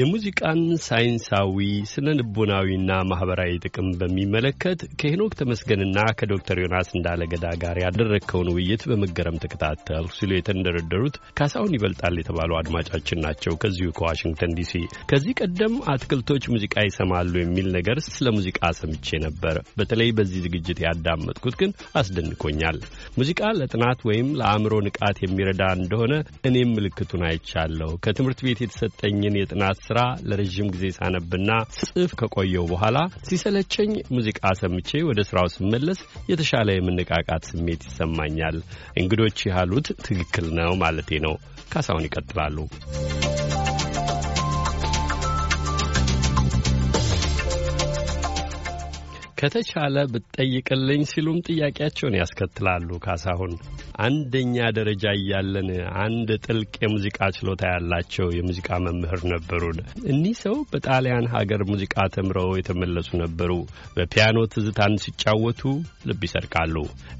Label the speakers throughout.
Speaker 1: የሙዚቃን ሳይንሳዊ ስነ ልቦናዊና ማህበራዊ ጥቅም በሚመለከት ከሄኖክ ተመስገንና ከዶክተር ዮናስ እንዳለገዳ ጋር ያደረግከውን ውይይት በመገረም ተከታተል ሲሉ የተንደረደሩት ካሳሁን ይበልጣል የተባሉ አድማጫችን ናቸው። ከዚሁ ከዋሽንግተን ዲሲ ከዚህ ቀደም አትክልቶች ሙዚቃ ይሰማሉ የሚል ነገር ስለ ሙዚቃ ሰምቼ ነበር። በተለይ በዚህ ዝግጅት ያዳመጥኩት ግን አስደንቆኛል። ሙዚቃ ለጥናት ወይም ለአእምሮ ንቃት የሚረዳ እንደሆነ እኔም ምልክቱን አይቻለሁ። ከትምህርት ቤት የተሰጠኝን የጥናት ስራ ለረዥም ጊዜ ሳነብና ጽፍ ከቆየው በኋላ ሲሰለቸኝ ሙዚቃ ሰምቼ ወደ ስራው ስመለስ የተሻለ የመነቃቃት ስሜት ይሰማኛል። እንግዶች ያሉት ትክክል ነው ማለቴ ነው። ካሳሁን ይቀጥላሉ። ከተቻለ ብትጠይቅልኝ ሲሉም ጥያቄያቸውን ያስከትላሉ። ካሳሁን አንደኛ ደረጃ እያለን አንድ ጥልቅ የሙዚቃ ችሎታ ያላቸው የሙዚቃ መምህር ነበሩን። እኒህ ሰው በጣሊያን ሀገር ሙዚቃ ተምረው የተመለሱ ነበሩ። በፒያኖ ትዝታን ሲጫወቱ ልብ ይሰርቃሉ።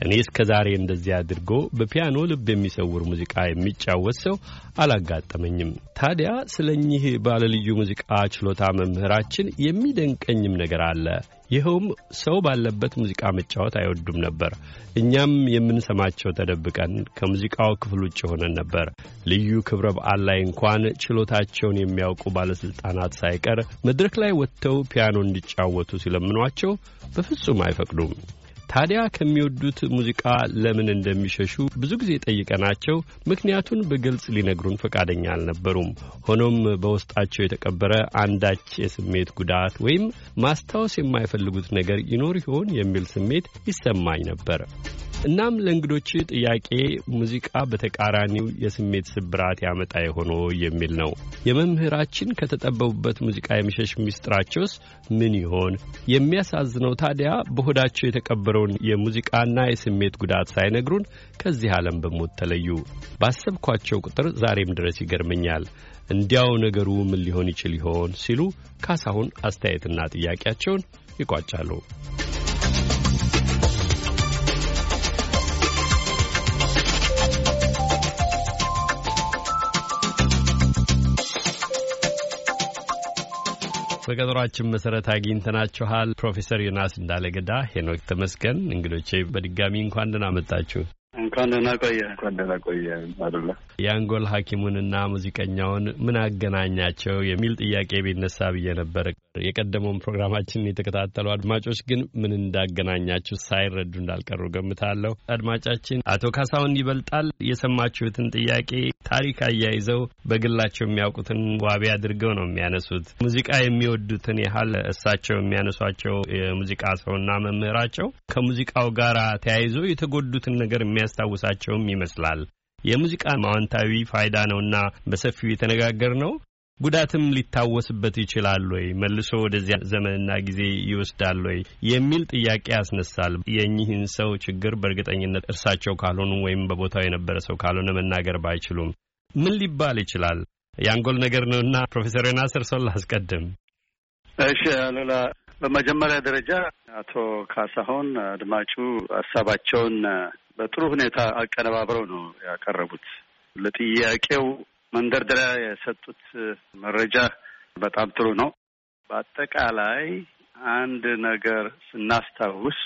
Speaker 1: እኔ እስከ ዛሬ እንደዚህ አድርጎ በፒያኖ ልብ የሚሰውር ሙዚቃ የሚጫወት ሰው አላጋጠመኝም። ታዲያ ስለ እኚህ ባለልዩ ሙዚቃ ችሎታ መምህራችን የሚደንቀኝም ነገር አለ። ይኸውም ሰው ባለበት ሙዚቃ መጫወት አይወዱም ነበር። እኛም የምንሰማቸው ተደብቀን ከሙዚቃው ክፍል ውጭ ሆነን ነበር። ልዩ ክብረ በዓል ላይ እንኳን ችሎታቸውን የሚያውቁ ባለሥልጣናት ሳይቀር መድረክ ላይ ወጥተው ፒያኖ እንዲጫወቱ ሲለምኗቸው በፍጹም አይፈቅዱም። ታዲያ ከሚወዱት ሙዚቃ ለምን እንደሚሸሹ ብዙ ጊዜ ጠይቀናቸው ምክንያቱን በግልጽ ሊነግሩን ፈቃደኛ አልነበሩም። ሆኖም በውስጣቸው የተቀበረ አንዳች የስሜት ጉዳት ወይም ማስታወስ የማይፈልጉት ነገር ይኖር ይሆን የሚል ስሜት ይሰማኝ ነበር። እናም ለእንግዶች ጥያቄ ሙዚቃ በተቃራኒው የስሜት ስብራት ያመጣ የሆኖ የሚል ነው። የመምህራችን ከተጠበቡበት ሙዚቃ የመሸሽ ሚስጥራቸውስ ምን ይሆን? የሚያሳዝነው ታዲያ በሆዳቸው የተቀበረውን የሙዚቃና የስሜት ጉዳት ሳይነግሩን ከዚህ ዓለም በሞት ተለዩ። ባሰብኳቸው ቁጥር ዛሬም ድረስ ይገርመኛል። እንዲያው ነገሩ ምን ሊሆን ይችል ይሆን ሲሉ ካሳሁን አስተያየትና ጥያቄያቸውን ይቋጫሉ። በቀጠሯችን መሰረት አግኝተናችኋል። ፕሮፌሰር ዮናስ እንዳለገዳ፣ ሄኖክ ተመስገን እንግዶቼ በድጋሚ እንኳን ደህና መጣችሁ።
Speaker 2: እንኳን ደህና ቆየ። እንኳን ደህና ቆየ።
Speaker 1: የአንጎል ሐኪሙንና ሙዚቀኛውን ምን አገናኛቸው የሚል ጥያቄ ቢነሳ ብዬ ነበር። የቀደመውን ፕሮግራማችን የተከታተሉ አድማጮች ግን ምን እንዳገናኛችሁ ሳይረዱ እንዳልቀሩ ገምታለሁ። አድማጫችን አቶ ካሳሁን ይበልጣል የሰማችሁትን ጥያቄ ታሪክ አያይዘው በግላቸው የሚያውቁትን ዋቢ አድርገው ነው የሚያነሱት። ሙዚቃ የሚወዱትን ያህል እሳቸው የሚያነሷቸው የሙዚቃ ሰውና መምህራቸው ከሙዚቃው ጋር ተያይዞ የተጎዱትን ነገር የሚያስታውሳቸውም ይመስላል። የሙዚቃ ማዋንታዊ ፋይዳ ነውና በሰፊው የተነጋገር ነው። ጉዳትም ሊታወስበት ይችላል ወይ መልሶ ወደዚያ ዘመንና ጊዜ ይወስዳል ወይ የሚል ጥያቄ ያስነሳል። የእኚህን ሰው ችግር በእርግጠኝነት እርሳቸው ካልሆኑ ወይም በቦታው የነበረ ሰው ካልሆነ መናገር ባይችሉም ምን ሊባል ይችላል? የአንጎል ነገር ነውና ፕሮፌሰር ዮናስ እርሶን ላስቀድም።
Speaker 2: እሺ አሉላ፣ በመጀመሪያ ደረጃ አቶ ካሳሁን አድማጩ ሀሳባቸውን በጥሩ ሁኔታ አቀነባብረው ነው ያቀረቡት። ለጥያቄው መንደርደሪያ የሰጡት መረጃ በጣም ጥሩ ነው። በአጠቃላይ አንድ ነገር ስናስታውስ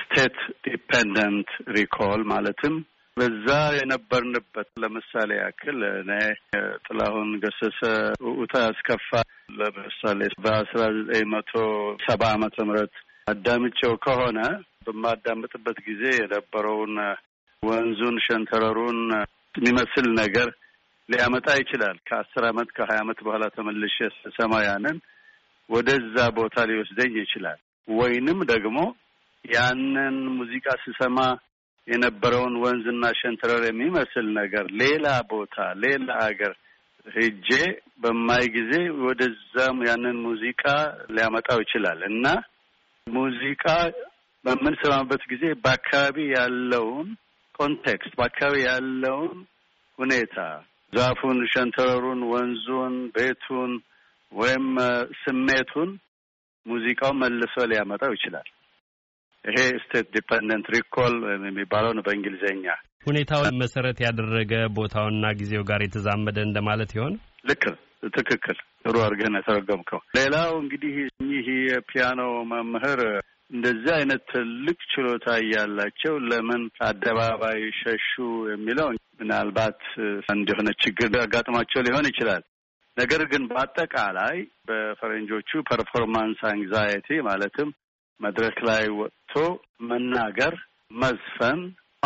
Speaker 2: ስቴት ዲፔንደንት ሪኮል ማለትም በዛ የነበርንበት ለምሳሌ ያክል እኔ ጥላሁን ገሰሰ ውታ ያስከፋ ለምሳሌ በአስራ ዘጠኝ መቶ ሰባ ዓመተ ምህረት አዳምጨው ከሆነ በማዳምጥበት ጊዜ የነበረውን ወንዙን ሸንተረሩን የሚመስል ነገር ሊያመጣ ይችላል። ከአስር አመት ከሀያ አመት በኋላ ተመልሼ ስሰማ ያንን ወደዛ ቦታ ሊወስደኝ ይችላል። ወይንም ደግሞ ያንን ሙዚቃ ስሰማ የነበረውን ወንዝና ሸንተረር የሚመስል ነገር ሌላ ቦታ ሌላ አገር ሄጄ በማይ ጊዜ ወደዛም ያንን ሙዚቃ ሊያመጣው ይችላል እና ሙዚቃ በምንሰማበት ጊዜ በአካባቢ ያለውን ኮንቴክስት በአካባቢ ያለውን ሁኔታ ዛፉን፣ ሸንተረሩን፣ ወንዙን፣ ቤቱን ወይም ስሜቱን ሙዚቃው መልሶ ሊያመጣው ይችላል። ይሄ ስቴት ዲፐንደንት ሪኮል የሚባለው ነው በእንግሊዝኛ።
Speaker 1: ሁኔታውን መሰረት ያደረገ ቦታውና ጊዜው ጋር የተዛመደ እንደማለት ይሆን?
Speaker 2: ልክ ትክክል። ጥሩ አድርገህ ነው ሌላው እንግዲህ እኚህ የፒያኖ መምህር እንደዚህ አይነት ትልቅ ችሎታ እያላቸው ለምን አደባባይ ሸሹ የሚለው ምናልባት እንደሆነ ችግር አጋጥሟቸው ሊሆን ይችላል። ነገር ግን በአጠቃላይ በፈረንጆቹ ፐርፎርማንስ አንግዛይቲ ማለትም መድረክ ላይ ወጥቶ መናገር፣ መዝፈን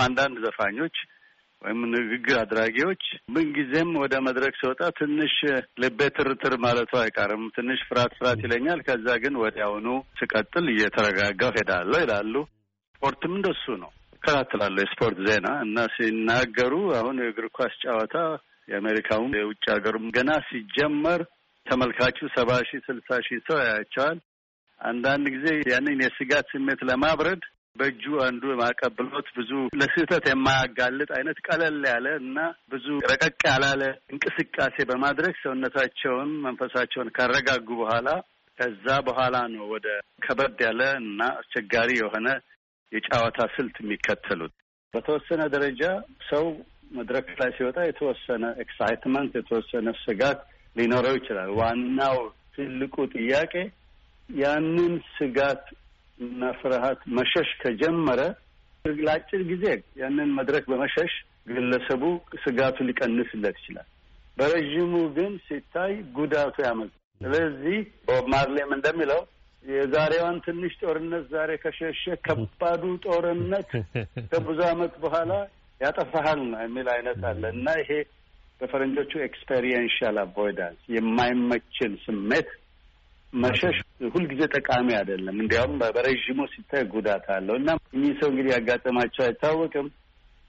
Speaker 2: አንዳንድ ዘፋኞች ወይም ንግግር አድራጊዎች ምንጊዜም ወደ መድረክ ሲወጣ ትንሽ ልቤ ትርትር ማለቱ አይቀርም። ትንሽ ፍርሃት ፍርሃት ይለኛል። ከዛ ግን ወዲያውኑ ስቀጥል እየተረጋጋው ሄዳለሁ ይላሉ። ስፖርትም እንደሱ ነው። እከታተላለሁ የስፖርት ዜና እና ሲናገሩ አሁን የእግር ኳስ ጨዋታ የአሜሪካውም የውጭ ሀገሩም ገና ሲጀመር ተመልካቹ ሰባ ሺህ ስልሳ ሺህ ሰው ያያቸዋል። አንዳንድ ጊዜ ያንን የስጋት ስሜት ለማብረድ በእጁ አንዱ ማቀብሎት ብዙ ለስህተት የማያጋልጥ አይነት ቀለል ያለ እና ብዙ ረቀቅ ያላለ እንቅስቃሴ በማድረግ ሰውነታቸውን፣ መንፈሳቸውን ካረጋጉ በኋላ ከዛ በኋላ ነው ወደ ከበድ ያለ እና አስቸጋሪ የሆነ የጨዋታ ስልት የሚከተሉት። በተወሰነ ደረጃ ሰው መድረክ ላይ ሲወጣ የተወሰነ ኤክሳይትመንት፣ የተወሰነ ስጋት ሊኖረው ይችላል። ዋናው ትልቁ ጥያቄ ያንን ስጋት እና ፍርሃት መሸሽ ከጀመረ ለአጭር ጊዜ ያንን መድረክ በመሸሽ ግለሰቡ ስጋቱ ሊቀንስለት ይችላል። በረዥሙ ግን ሲታይ ጉዳቱ ያመዝ ስለዚህ ቦብ ማርሌም እንደሚለው የዛሬዋን ትንሽ ጦርነት ዛሬ ከሸሸ ከባዱ ጦርነት ከብዙ ዓመት በኋላ ያጠፋሃል ነው የሚል አይነት አለ እና ይሄ በፈረንጆቹ ኤክስፔሪየንሻል አቮይዳንስ የማይመችን ስሜት መሸሽ ሁልጊዜ ጠቃሚ አይደለም። እንዲያውም በረዥሙ ሲታይ ጉዳት አለው እና እኚህ ሰው እንግዲህ ያጋጠማቸው አይታወቅም፣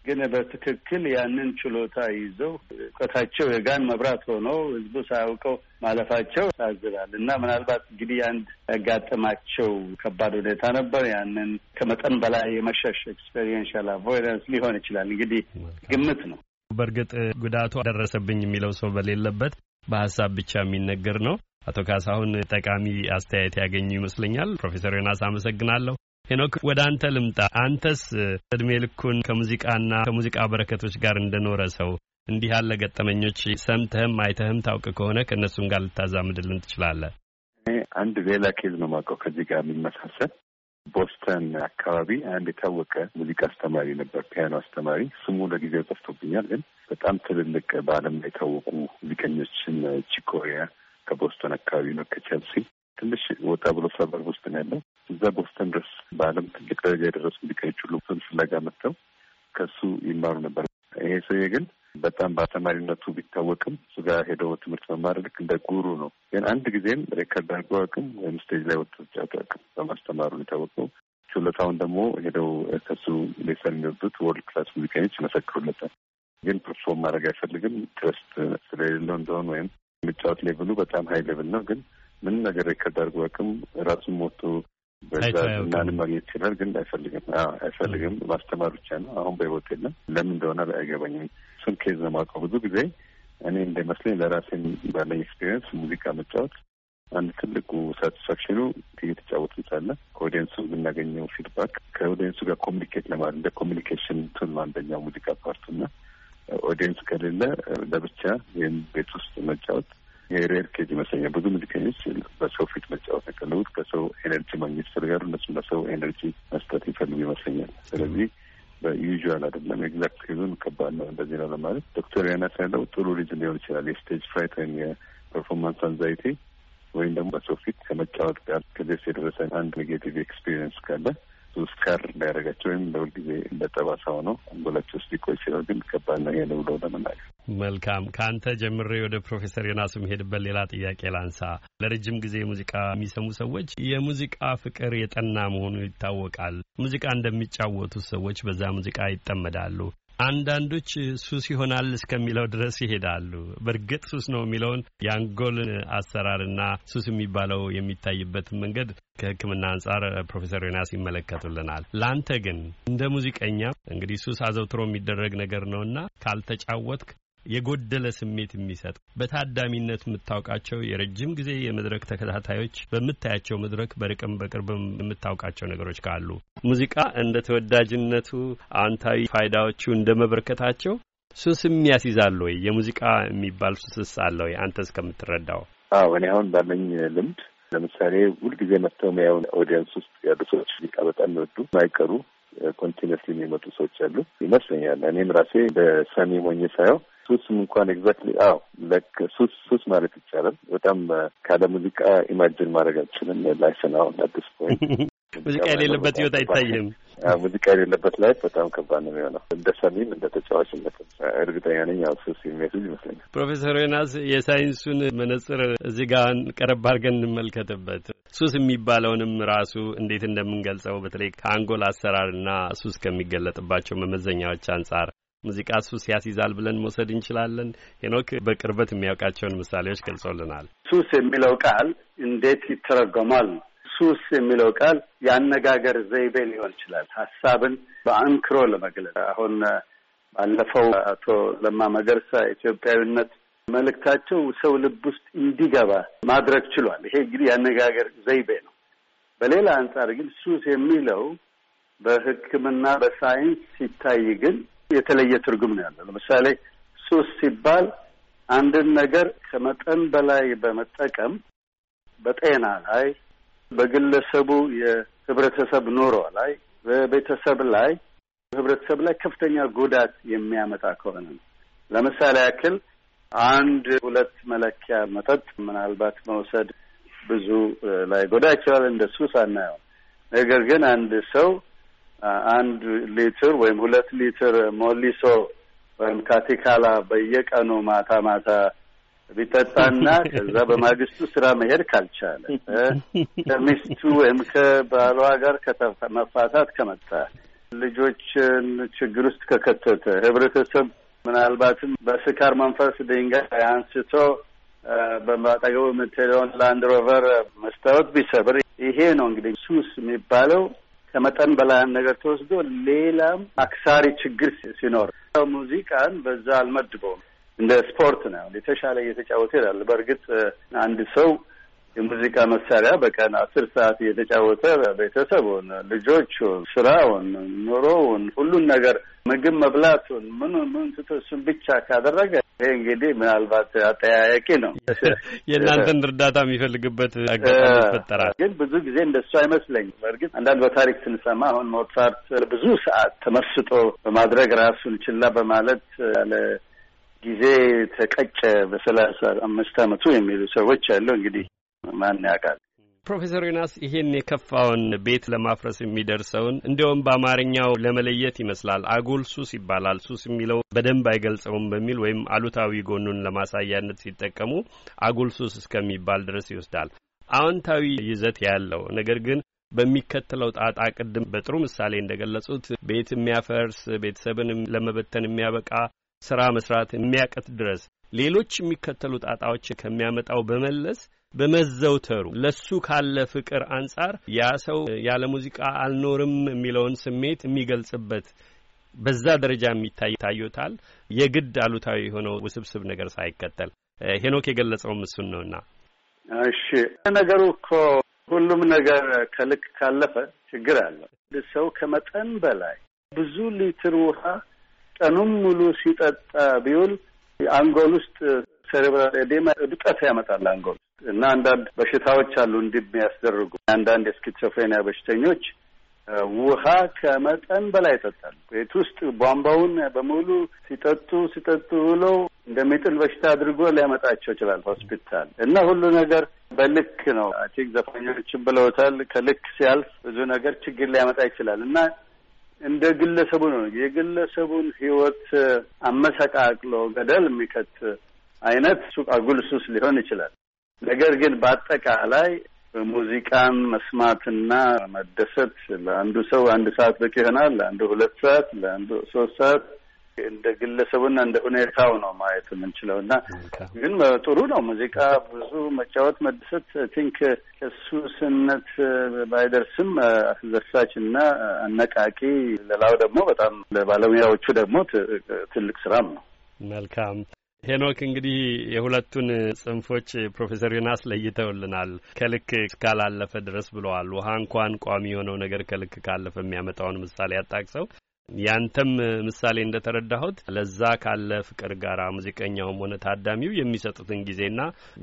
Speaker 2: ግን በትክክል ያንን ችሎታ ይዘው እውቀታቸው የጋን መብራት ሆኖ ህዝቡ ሳያውቀው ማለፋቸው ታዝባል እና ምናልባት እንግዲህ አንድ ያጋጠማቸው ከባድ ሁኔታ ነበር። ያንን ከመጠን በላይ የመሸሽ ኤክስፔሪንሻል አቮይደንስ ሊሆን ይችላል። እንግዲህ ግምት ነው።
Speaker 1: በእርግጥ ጉዳቱ ደረሰብኝ የሚለው ሰው በሌለበት በሀሳብ ብቻ የሚነገር ነው። አቶ ካሳሁን ጠቃሚ አስተያየት ያገኙ ይመስለኛል። ፕሮፌሰር ዮናስ አመሰግናለሁ። ሄኖክ ወደ አንተ ልምጣ። አንተስ እድሜ ልኩን ከሙዚቃና ከሙዚቃ በረከቶች ጋር እንደኖረ ሰው እንዲህ ያለ ገጠመኞች ሰምተህም አይተህም ታውቅ ከሆነ ከእነሱም ጋር ልታዛምድልን ትችላለህ።
Speaker 3: አንድ ሌላ ኬዝ ነው የማውቀው ከዚህ ጋር የሚመሳሰል ቦስተን አካባቢ አንድ የታወቀ ሙዚቃ አስተማሪ ነበር፣ ፒያኖ አስተማሪ። ስሙ ለጊዜው ጠፍቶብኛል፣ ግን በጣም ትልልቅ በዓለም ላይ የታወቁ ሙዚቀኞችን ቺኮሪያ ከቦስተን አካባቢ ነው ከቼልሲ ትንሽ ወጣ ብሎ ሰበር ውስጥ ነው ያለው። እዛ ቦስተን ድረስ በዓለም ትልቅ ደረጃ የደረሱ ሙዚቀኞች ሁሉ እሱን ፍለጋ መጥተው ከሱ ይማሩ ነበር። ይሄ ሰውዬ ግን በጣም በአስተማሪነቱ ቢታወቅም እሱ ጋር ሄደው ትምህርት መማር ልክ እንደ ጉሩ ነው። ግን አንድ ጊዜም ሬከርድ አድርጎ አቅም ወይም ስቴጅ ላይ ወጥቶ ጫወቱ አቅም በማስተማሩ የታወቀው ችሎታውን ደግሞ ሄደው ከሱ ሌሰን የሚወዱት ወርልድ ክላስ ሙዚቀኞች መሰክሩለታል። ግን ፐርፎርም ማድረግ አይፈልግም። ትረስት ስለሌለው እንደሆን ወይም የመጫወት ሌቭሉ በጣም ሀይ ሌቭል ነው። ግን ምንም ነገር ሪከርድ አድርጎ አቅም ራሱን ሞቶ በዛ ማግኘት ይችላል። ግን አይፈልግም አይፈልግም። ማስተማር ብቻ ነው። አሁን በህይወት የለም። ለምን እንደሆነ አይገባኝም። እሱን ኬዝ ነው የማውቀው። ብዙ ጊዜ እኔ እንደመስለኝ ለራሴን ባለኝ ኤክስፔሪየንስ ሙዚቃ መጫወት አንድ ትልቁ ሳቲስፋክሽኑ እየተጫወትን ሳለ ከኦዲየንሱ የምናገኘው ፊድባክ ከኦዲየንሱ ጋር ኮሚኒኬት ለማድረግ እንደ ኮሚኒኬሽን ቱል አንደኛው ሙዚቃ ፓርቱ እና ኦዲየንስ ከሌለ ለብቻ ወይም ቤት ውስጥ መጫወት የሬር ኬጅ ይመስለኛል። ብዙ ሙዚቀኞች በሰው ፊት መጫወት ያቀለቡት ከሰው ኤነርጂ ማግኘት ይፈልጋሉ። እነሱም ለሰው ኤነርጂ መስጠት ይፈልጉ ይመስለኛል። ስለዚህ በዩዥዋል አይደለም ኤግዛክት ሪዙን ከባድ ነው እንደዚህ ነው ለማለት ዶክተር ያና ያለው ጥሩ ልጅ ሊሆን ይችላል። የስቴጅ ፍራይት ወይም የፐርፎርማንስ አንዛይቲ ወይም ደግሞ በሰው ፊት ከመጫወት ጋር ከዚህ የደረሰ አንድ ኔጌቲቭ ኤክስፒሪየንስ ካለ ውስጥ ካር እንዳያደርጋቸው ወይም ለሁልጊዜ እንደ ጠባሳ ነው አንጎላቸው ውስጥ ሊቆይ ይችላል። ግን ከባድ ነው ይሄ ነው ብሎ ለመናገር።
Speaker 1: መልካም ከአንተ ጀምሬ ወደ ፕሮፌሰር ዮናስ መሄድበት ሌላ ጥያቄ ላንሳ። ለረጅም ጊዜ ሙዚቃ የሚሰሙ ሰዎች የሙዚቃ ፍቅር የጠና መሆኑ ይታወቃል። ሙዚቃ እንደሚጫወቱት ሰዎች በዛ ሙዚቃ ይጠመዳሉ። አንዳንዶች ሱስ ይሆናል እስከሚለው ድረስ ይሄዳሉ። በእርግጥ ሱስ ነው የሚለውን የአንጎልን አሰራርና ሱስ የሚባለው የሚታይበትን መንገድ ከሕክምና አንጻር ፕሮፌሰር ዮናስ ይመለከቱልናል። ለአንተ ግን እንደ ሙዚቀኛ እንግዲህ ሱስ አዘውትሮ የሚደረግ ነገር ነውና ካልተጫወትክ የጎደለ ስሜት የሚሰጥ በታዳሚነት የምታውቃቸው የረጅም ጊዜ የመድረክ ተከታታዮች በምታያቸው መድረክ በርቅም በቅርብም የምታውቃቸው ነገሮች ካሉ ሙዚቃ እንደ ተወዳጅነቱ አዎንታዊ ፋይዳዎቹ እንደ መበርከታቸው ሱስም ያስይዛል ወይ? የሙዚቃ የሚባል ሱስስ አለ ወይ? አንተ እስከምትረዳው?
Speaker 3: አዎ እኔ አሁን ባለኝ ልምድ ለምሳሌ ሁልጊዜ መጥተው የሚያዩን ኦዲየንስ ውስጥ ያሉ ሰዎች ሙዚቃ በጣም ይወዱ ማይቀሩ ኮንቲነስ የሚመጡ ሰዎች አሉ ይመስለኛል። እኔም ራሴ በሰሚ ሞኝ ሳየው ሱስም እንኳን ኤግዛክትሊ አዎ ለክ ሱስ ሱስ ማለት ይቻላል። በጣም ካለ ሙዚቃ ኢማጅን ማድረግ አልችልም። ላይፍን አሁን አዲስ ፖይንት ሙዚቃ
Speaker 1: የሌለበት ህይወት አይታይም።
Speaker 3: ሙዚቃ የሌለበት ላይፍ በጣም ከባድ ነው የሚሆነው እንደ ሰሚም እንደ ተጫዋችነት እርግጠኛ ነኝ። ያው ሱስ የሚመስል
Speaker 1: ይመስለኛል። ፕሮፌሰር ዮናስ የሳይንሱን መነጽር እዚህ ጋር ቀረብ አድርገን እንመልከትበት። ሱስ የሚባለውንም ራሱ እንዴት እንደምንገልጸው በተለይ ከአንጎል አሰራርና ሱስ ከሚገለጥባቸው መመዘኛዎች አንጻር ሙዚቃ ሱስ ያስይዛል ብለን መውሰድ እንችላለን። ሄኖክ በቅርበት የሚያውቃቸውን ምሳሌዎች ገልጾልናል።
Speaker 2: ሱስ የሚለው ቃል እንዴት ይተረጎማል? ሱስ የሚለው ቃል የአነጋገር ዘይቤ ሊሆን ይችላል። ሀሳብን በአንክሮ ለመግለጽ አሁን ባለፈው አቶ ለማ መገርሳ ኢትዮጵያዊነት መልእክታቸው ሰው ልብ ውስጥ እንዲገባ ማድረግ ችሏል። ይሄ እንግዲህ የአነጋገር ዘይቤ ነው። በሌላ አንጻር ግን ሱስ የሚለው በሕክምና በሳይንስ ሲታይ ግን የተለየ ትርጉም ነው ያለው። ለምሳሌ ሱስ ሲባል አንድን ነገር ከመጠን በላይ በመጠቀም በጤና ላይ፣ በግለሰቡ የህብረተሰብ ኑሮ ላይ፣ በቤተሰብ ላይ ህብረተሰብ ላይ ከፍተኛ ጉዳት የሚያመጣ ከሆነ ነው።
Speaker 3: ለምሳሌ ያክል
Speaker 2: አንድ ሁለት መለኪያ መጠጥ ምናልባት መውሰድ ብዙ ላይ ጎዳ ይችላል፣ እንደ ሱስ አናየው። ነገር ግን አንድ ሰው አንድ ሊትር ወይም ሁለት ሊትር ሞሊሶ ወይም ካቲካላ በየቀኑ ማታ ማታ ቢጠጣና ከዛ በማግስቱ ስራ መሄድ ካልቻለ ከሚስቱ ወይም ከባሏ ጋር መፋታት ከመጣ ልጆችን ችግር ውስጥ ከከተተ ህብረተሰብ ምናልባትም በስካር መንፈስ ድንጋይ አንስቶ በማጠገቡ የምትሄደውን ላንድሮቨር መስታወት ቢሰብር ይሄ ነው እንግዲህ ሱስ የሚባለው። ከመጠን በላይ ነገር ተወስዶ ሌላም አክሳሪ ችግር ሲኖር ሙዚቃን በዛ አልመድበውም። እንደ ስፖርት ነው የተሻለ እየተጫወተ ይላል። በእርግጥ አንድ ሰው የሙዚቃ መሳሪያ በቀን አስር ሰዓት እየተጫወተ ቤተሰቡን፣ ልጆቹን፣ ስራውን፣ ኑሮውን፣ ሁሉን ነገር ምግብ መብላቱን፣ ምኑን ምን ትቶ እሱን ብቻ ካደረገ ይህ እንግዲህ ምናልባት አጠያያቂ ነው።
Speaker 1: የእናንተን እርዳታ የሚፈልግበት አጋጣሚ
Speaker 2: ይፈጠራል። ግን ብዙ ጊዜ እንደሱ አይመስለኝም። በእርግጥ አንዳንድ በታሪክ ስንሰማ አሁን ሞዛርት ብዙ ሰዓት ተመስጦ በማድረግ ራሱን ችላ በማለት ያለ ጊዜ ተቀጨ በሰላሳ አምስት አመቱ የሚሉ ሰዎች ያለው እንግዲህ ማን ያውቃል።
Speaker 1: ፕሮፌሰር ዮናስ ይሄን የከፋውን ቤት ለማፍረስ የሚደርሰውን እንዲያውም በአማርኛው ለመለየት ይመስላል አጉል ሱስ ይባላል። ሱስ የሚለው በደንብ አይገልጸውም በሚል ወይም አሉታዊ ጎኑን ለማሳያነት ሲጠቀሙ አጉል ሱስ እስከሚባል ድረስ ይወስዳል። አዎንታዊ ይዘት ያለው ነገር ግን በሚከተለው ጣጣ ቅድም በጥሩ ምሳሌ እንደገለጹት ቤት የሚያፈርስ ቤተሰብን ለመበተን የሚያበቃ ስራ መስራት የሚያቀት ድረስ ሌሎች የሚከተሉ ጣጣዎች ከሚያመጣው በመለስ በመዘውተሩ ለሱ ካለ ፍቅር አንጻር ያ ሰው ያለ ሙዚቃ አልኖርም የሚለውን ስሜት የሚገልጽበት በዛ ደረጃ የሚታይ ታዩታል። የግድ አሉታዊ የሆነው ውስብስብ ነገር ሳይከተል ሄኖክ የገለጸውም እሱን ነውና።
Speaker 2: እሺ ነገሩ እኮ ሁሉም ነገር ከልክ ካለፈ ችግር አለው። ሰው ከመጠን በላይ ብዙ ሊትር ውሃ ቀኑን ሙሉ ሲጠጣ ቢውል አንጎል ውስጥ ሴሬብራል ኤዴማ ድቀት ያመጣል አንጎል እና አንዳንድ በሽታዎች አሉ እንዲህ የሚያስደርጉ አንዳንድ የስኪዞፍሬኒያ በሽተኞች ውሃ ከመጠን በላይ ይጠጣሉ። ቤት ውስጥ ቧንቧውን በሙሉ ሲጠጡ ሲጠጡ ብሎ እንደሚጥል በሽታ አድርጎ ሊያመጣቸው ይችላል ሆስፒታል እና ሁሉ ነገር በልክ ነው። አቲክ ቲንክ ዘፋኞችን ብለውታል። ከልክ ሲያልፍ ብዙ ነገር ችግር ሊያመጣ ይችላል እና እንደ ግለሰቡ ነው የግለሰቡን ህይወት አመሰቃቅሎ ገደል የሚከት አይነት ሱቅ አጉል ሱስ ሊሆን ይችላል። ነገር ግን በአጠቃላይ ሙዚቃን መስማትና መደሰት ለአንዱ ሰው አንድ ሰዓት በቂ ይሆናል፣ ለአንዱ ሁለት ሰዓት፣ ለአንዱ ሶስት ሰዓት እንደ ግለሰቡና እንደ ሁኔታው ነው ማየት የምንችለው እና ግን ጥሩ ነው። ሙዚቃ ብዙ መጫወት መደሰት፣ ቲንክ ከሱስነት ባይደርስም አስደሳች እና አነቃቂ፣ ሌላው ደግሞ በጣም ለባለሙያዎቹ ደግሞ ትልቅ ስራም ነው።
Speaker 1: መልካም ሄኖክ እንግዲህ የሁለቱን ጽንፎች ፕሮፌሰር ዮናስ ለይተውልናል። ከልክ እስካላለፈ ድረስ ብለዋል። ውሃ እንኳን ቋሚ የሆነው ነገር ከልክ ካለፈ የሚያመጣውን ምሳሌ ያጣቅሰው ያንተም ምሳሌ እንደተረዳሁት ለዛ ካለ ፍቅር ጋር ሙዚቀኛውም ሆነ ታዳሚው የሚሰጡትን ጊዜና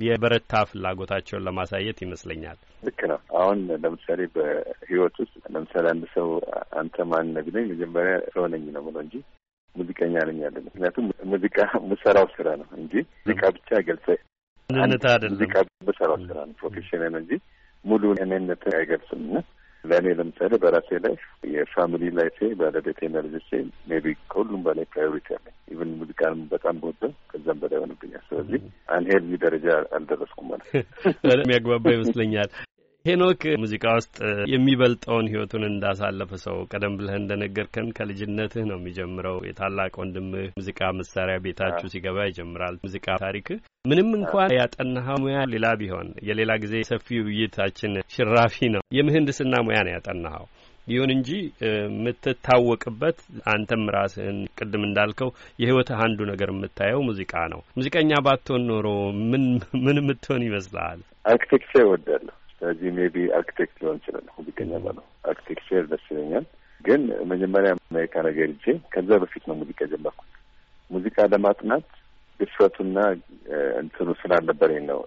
Speaker 1: የበረታ ፍላጎታቸውን ለማሳየት ይመስለኛል።
Speaker 3: ልክ ነው። አሁን ለምሳሌ በህይወት ውስጥ ለምሳሌ አንድ ሰው አንተ ማን ነህ ቢለኝ መጀመሪያ ሰው ነኝ ነው ብሎ እንጂ ሙዚቀኛ ነኝ ያለ። ምክንያቱም ሙዚቃ ምሰራው ስራ ነው እንጂ ሙዚቃ ብቻ ገልጸ አይገልጽም። ሙዚቃ ምሰራው ስራ ነው ፕሮፌሽን ነው እንጂ ሙሉ እኔነት አይገልጽም። እና ለእኔ ለምሳሌ በራሴ ላይ የፋሚሊ ላይፌ ባለቤቴ ነርጅቼ ሜቢ ከሁሉም በላይ ፕራዮሪቲ አለኝ። ኢቨን ሙዚቃንም በጣም በወደ ከዛም በላይ ሆንብኛል። ስለዚህ አንሄልዚ ደረጃ አልደረስኩም ማለት ነው። የሚያግባባ
Speaker 1: ይመስለኛል። ሄኖክ ሙዚቃ ውስጥ የሚበልጠውን ህይወቱን እንዳሳለፈ ሰው ቀደም ብለህ እንደነገርከን ከልጅነትህ ነው የሚጀምረው። የታላቅ ወንድምህ ሙዚቃ መሳሪያ ቤታችሁ ሲገባ ይጀምራል። ሙዚቃ ታሪክህ ምንም እንኳን ያጠናኸው ሙያ ሌላ ቢሆን የሌላ ጊዜ ሰፊ ውይይታችን ሽራፊ ነው። የምህንድስና ሙያ ነው ያጠናኸው። ይሁን እንጂ የምትታወቅበት አንተም ራስህን ቅድም እንዳልከው የህይወትህ አንዱ ነገር የምታየው ሙዚቃ ነው። ሙዚቀኛ ባትሆን ኖሮ ምን ምን የምትሆን ይመስልሃል?
Speaker 3: አርክቴክቸር እወዳለሁ ስለዚህ ሜቢ አርኪቴክት ሊሆን ይችላል ሙዚቀኛ ባለው አርኪቴክቸር ደስ ይለኛል። ግን መጀመሪያ አሜሪካ ነገር እጄ ከዛ በፊት ነው ሙዚቃ ጀመርኩት። ሙዚቃ ለማጥናት ድፍረቱና እንትኑ ስላልነበረኝ ነው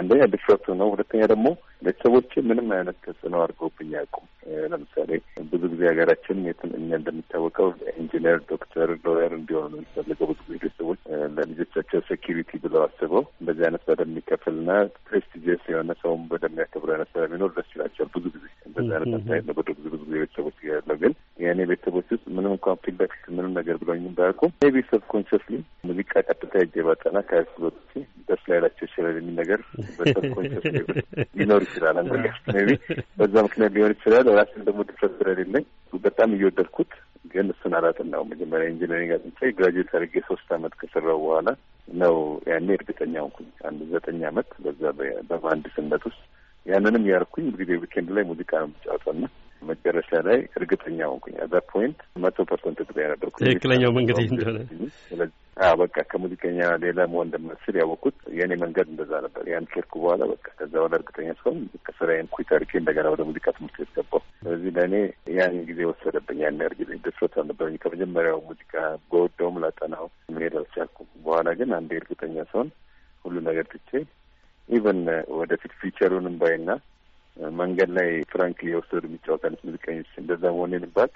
Speaker 3: አንደኛ ድፍረቱ ነው፣ ሁለተኛ ደግሞ ቤተሰቦች ምንም አይነት ተጽዕኖ አድርገውብኝ አያውቁም። ለምሳሌ ብዙ ጊዜ ሀገራችን እኛ እንደሚታወቀው ኢንጂነር፣ ዶክተር፣ ሎየር እንዲሆኑ የሚፈልገው ብዙ ጊዜ ቤተሰቦች ለልጆቻቸው ሴኪሪቲ ብለው አስበው እንደዚህ አይነት በደሚከፍልና ፕሬስቲጂየስ የሆነ ሰውም በደሚያከብሩ አይነት ስለሚኖር ደስ ይላቸዋል። ብዙ ጊዜ እንደዚህ አይነት አስተያየት ነው ብዙ ጊዜ ብዙ ጊዜ ቤተሰቦች ያለው ግን የእኔ ቤተሰቦች ውስጥ ምንም እንኳን ፊድባክ ምንም ነገር ብለውኝም ባያውቁም ሜቢ ሰብኮንሽስሊ ሙዚቃ ቀጥታ እጄ ባጠና ከስሎት ይችላል የሚል ነገር ሊኖር ይችላል። አንድ በዛ ምክንያት ሊሆን ይችላል። ራስን ደግሞ ድፍረት ስለሌለኝ በጣም እየወደድኩት ግን እሱን አላጠናው። መጀመሪያ ኢንጂነሪንግ አጥንቼ ግራጁዌት አድርጌ ሶስት አመት ከሰራው በኋላ ነው ያኔ እርግጠኛ ሆንኩኝ። አንድ ዘጠኝ አመት በዛ በመሀንዲስነት ውስጥ ያንንም ያርኩኝ ጊዜ ዊኬንድ ላይ ሙዚቃ ነው የምጫወተው መጨረሻ ላይ እርግጠኛ ሆንኩኝ። አዛ ፖይንት መቶ ፐርሰንት እርግጠኛ ነበርኩ
Speaker 1: ትክክለኛው መንገድ እንደሆነ።
Speaker 3: ስለዚህ በቃ ከሙዚቀኛ ሌላ መሆን እንደምመስል ያወቅኩት የእኔ መንገድ እንደዛ ነበር። ያን ኬርኩ በኋላ በቃ ከዛ በኋላ እርግጠኛ ሲሆን ስራዬን ኩት አድርጌ እንደገና ወደ ሙዚቃ ትምህርት ቤት ገባሁ። ስለዚህ ለእኔ ያን ጊዜ ወሰደብኝ። ያን እርግጠኝ ድፍረት አልነበረኝ። ከመጀመሪያው ሙዚቃ በወደውም ላጠናው መሄድ አልቻልኩም። በኋላ ግን አንዴ እርግጠኛ ሲሆን ሁሉ ነገር ትቼ ኢቨን ወደፊት ፊቸሩንም ባይና መንገድ ላይ ፍራንክሊ የወሰዱ የሚጫወት ሙዚቀኞች እንደዛ መሆኔን ልባቅ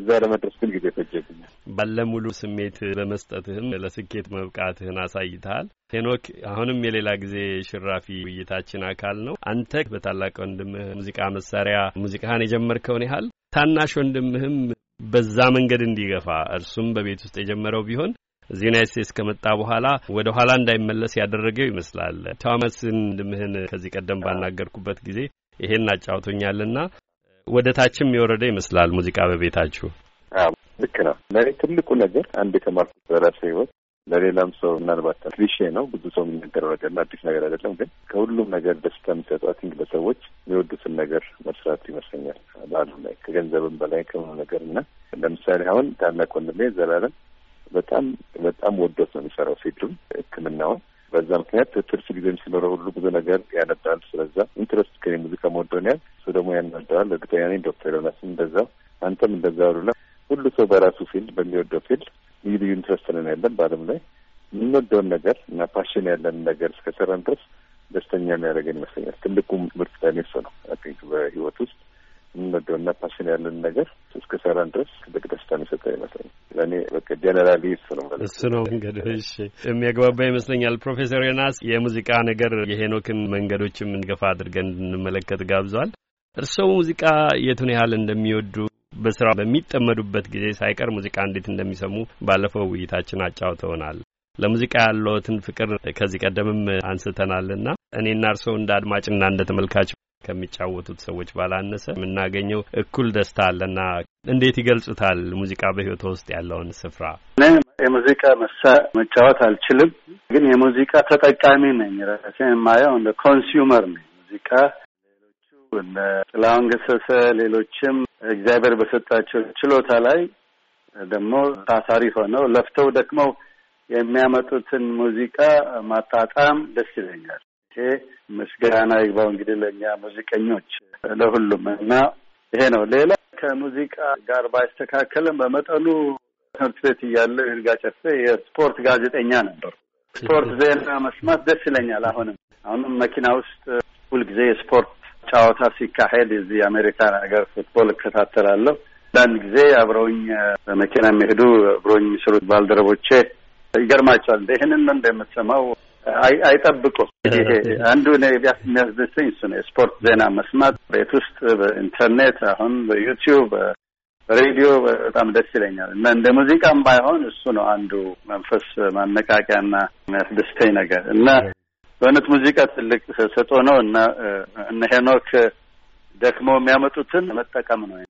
Speaker 3: እዛ ለመድረስ ግን ጊዜ ፈጀብኛል።
Speaker 1: ባለሙሉ ስሜት በመስጠትህም ለስኬት መብቃትህን አሳይተሃል። ሄኖክ አሁንም የሌላ ጊዜ ሽራፊ ውይይታችን አካል ነው። አንተ በታላቅ ወንድምህ ሙዚቃ መሳሪያ ሙዚቃህን የጀመርከውን ያህል ታናሽ ወንድምህም በዛ መንገድ እንዲገፋ እርሱም በቤት ውስጥ የጀመረው ቢሆን እዚህ ዩናይት ስቴትስ ከመጣ በኋላ ወደ ኋላ እንዳይመለስ ያደረገው ይመስላል። ቶማስን ልምህን ከዚህ ቀደም ባናገርኩበት ጊዜ ይሄን አጫውቶኛልና ወደ ታችም የወረደ ይመስላል ሙዚቃ በቤታችሁ።
Speaker 3: ልክ ነው። ለእኔ ትልቁ ነገር አንድ የተማርኩት በራሴ ህይወት ለሌላም ሰው ምናልባት ክሊሼ ነው፣ ብዙ ሰው የሚነገረው ነገር እና አዲስ ነገር አይደለም። ግን ከሁሉም ነገር ደስታ የሚሰጡ አቲንግ በሰዎች ለሰዎች የሚወዱትን ነገር መስራት ይመስለኛል። በዓሉ ላይ ከገንዘብም በላይ ከሆኑ ነገር እና ለምሳሌ አሁን ታላቅ ወንድሜ ዘላለም በጣም በጣም ወዶት ነው የሚሰራው ፊልዱን ህክምናውን በዛ ምክንያት ትርፍ ጊዜም ሲኖረው ሁሉ ብዙ ነገር ያነባል። ስለዛ ኢንትረስት ከሙዚቃ ሙዚቃ ያል እሱ ደግሞ ያናደዋል። እርግጠኛ ነኝ ዶክተር ዮናስም እንደዛው አንተም እንደዛ ሉላ ሁሉ ሰው በራሱ ፊልድ በሚወደው ፊልድ ልዩ ልዩ ኢንትረስት ነን ያለን በአለም ላይ የምንወደውን ነገር እና ፓሽን ያለን ነገር እስከሰራን ድረስ ደስተኛ የሚያደርገን ይመስለኛል። ትልቁ ምርት ለኔ እሱ ነው። አይ ቲንክ በህይወት ውስጥ የምንወደው እና ፓሽን ያለን ነገር እስከሰራን ድረስ ትልቅ ደስታ የሚሰጠ ይመስለኛል። ለእኔ በቃ ጀነራሊ እሱ ነው ማለት እሱ ነው መንገዶች
Speaker 1: የሚያግባባ ይመስለኛል። ፕሮፌሰር ዮናስ የሙዚቃ ነገር የሄኖክን መንገዶችም እንገፋ አድርገን እንድንመለከት ጋብዟል። እርስዎ ሙዚቃ የቱን ያህል እንደሚወዱ በስራ በሚጠመዱበት ጊዜ ሳይቀር ሙዚቃ እንዴት እንደሚሰሙ ባለፈው ውይይታችን አጫውተውናል። ለሙዚቃ ያለዎትን ፍቅር ከዚህ ቀደምም አንስተናልና እኔና እርስዎ እንደ አድማጭና እንደ ተመልካች ከሚጫወቱት ሰዎች ባላነሰ የምናገኘው እኩል ደስታ አለና እንዴት ይገልጹታል? ሙዚቃ በህይወት ውስጥ ያለውን ስፍራ።
Speaker 2: እኔ የሙዚቃ መሳ መጫወት አልችልም፣ ግን የሙዚቃ ተጠቃሚ ነኝ። ራሴ የማየው እንደ ኮንሱመር ነኝ። ሙዚቃ ሌሎቹ እንደ ጥላሁን ገሰሰ ሌሎችም እግዚአብሔር በሰጣቸው ችሎታ ላይ ደግሞ ታሳሪ ሆነው ለፍተው ደክመው የሚያመጡትን ሙዚቃ ማጣጣም ደስ ይለኛል። አድርጌ ምስጋና ይግባው እንግዲህ ለእኛ ሙዚቀኞች ለሁሉም እና ይሄ ነው። ሌላ ከሙዚቃ ጋር ባይስተካከልም በመጠኑ ትምህርት ቤት እያለ ይርጋ ጨፌ የስፖርት ጋዜጠኛ ነበር። ስፖርት ዜና መስማት ደስ ይለኛል። አሁንም አሁንም መኪና ውስጥ ሁልጊዜ የስፖርት ጨዋታ ሲካሄድ እዚህ የአሜሪካ ሀገር ፉትቦል እከታተላለሁ። አንዳንድ ጊዜ አብረውኝ በመኪና የሚሄዱ አብረውኝ የሚሰሩት ባልደረቦቼ ይገርማቸዋል። ይህንን ነው እንደምትሰማው አይጠብቁም። ይሄ አንዱ የሚያስደስተኝ እሱ ነው። የስፖርት ዜና መስማት ቤት ውስጥ በኢንተርኔት አሁን በዩቲዩብ ሬዲዮ በጣም ደስ ይለኛል እና እንደ ሙዚቃም ባይሆን እሱ ነው አንዱ መንፈስ ማነቃቂያና የሚያስደስተኝ ነገር እና በእውነት ሙዚቃ ትልቅ ሰጦ ነው እና እነ ሄኖክ ደክሞ የሚያመጡትን መጠቀም ነው።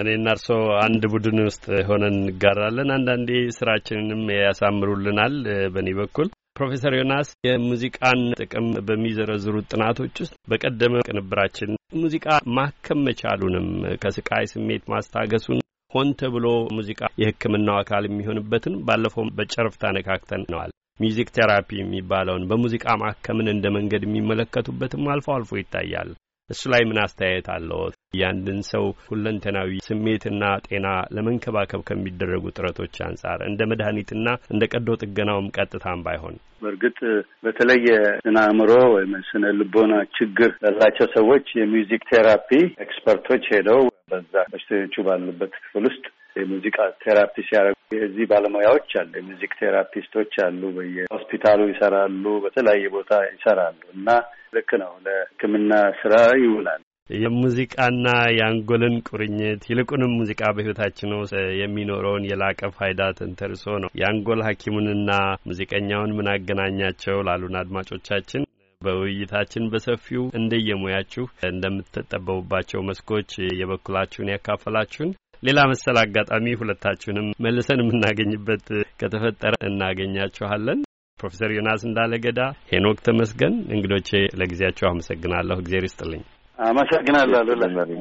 Speaker 1: እኔና እርስዎ አንድ ቡድን ውስጥ ሆነን እንጋራለን። አንዳንዴ ስራችንንም ያሳምሩልናል። በእኔ በኩል ፕሮፌሰር ዮናስ የሙዚቃን ጥቅም በሚዘረዝሩት ጥናቶች ውስጥ በቀደመ ቅንብራችን ሙዚቃ ማከም መቻሉንም ከስቃይ ስሜት ማስታገሱን ሆን ተብሎ ሙዚቃ የሕክምናው አካል የሚሆንበትን ባለፈው በጨረፍታ ነካክተን ነዋል። ሚዚክ ቴራፒ የሚባለውን በሙዚቃ ማከምን እንደ መንገድ የሚመለከቱበትም አልፎ አልፎ ይታያል። እሱ ላይ ምን አስተያየት አለዎት? ያንድን ሰው ሁለንተናዊ ስሜትና ጤና ለመንከባከብ ከሚደረጉ ጥረቶች አንጻር እንደ መድኃኒትና እንደ ቀዶ ጥገናውም ቀጥታም ባይሆን
Speaker 3: በእርግጥ
Speaker 2: በተለየ ስነ አእምሮ ወይም ስነ ልቦና ችግር ያላቸው ሰዎች የሚውዚክ ቴራፒ ኤክስፐርቶች ሄደው በዛ በሽተኞቹ ባሉበት ክፍል ውስጥ የሙዚቃ ቴራፒ ሲያደርጉ የዚህ ባለሙያዎች አለ የሙዚክ ቴራፒስቶች አሉ፣ በየሆስፒታሉ ይሰራሉ፣ በተለያየ ቦታ ይሰራሉ እና ልክ ነው ለሕክምና ስራ ይውላል።
Speaker 1: የሙዚቃና የአንጎልን ቁርኝት ይልቁንም ሙዚቃ በህይወታችን ውስጥ የሚኖረውን የላቀ ፋይዳ ተንተርሶ ነው። የአንጎል ሐኪሙንና ሙዚቀኛውን ምን አገናኛቸው ላሉን አድማጮቻችን በውይይታችን በሰፊው እንደየሙያችሁ እንደምትጠበቡባቸው መስኮች የበኩላችሁን ያካፈላችሁን ሌላ መሰል አጋጣሚ ሁለታችሁንም መልሰን የምናገኝበት ከተፈጠረ እናገኛችኋለን። ፕሮፌሰር ዮናስ እንዳለ ገዳ፣ ሄኖክ ተመስገን እንግዶቼ ለጊዜያቸው አመሰግናለሁ። እግዜር ይስጥልኝ።
Speaker 3: አመሰግናለሁ።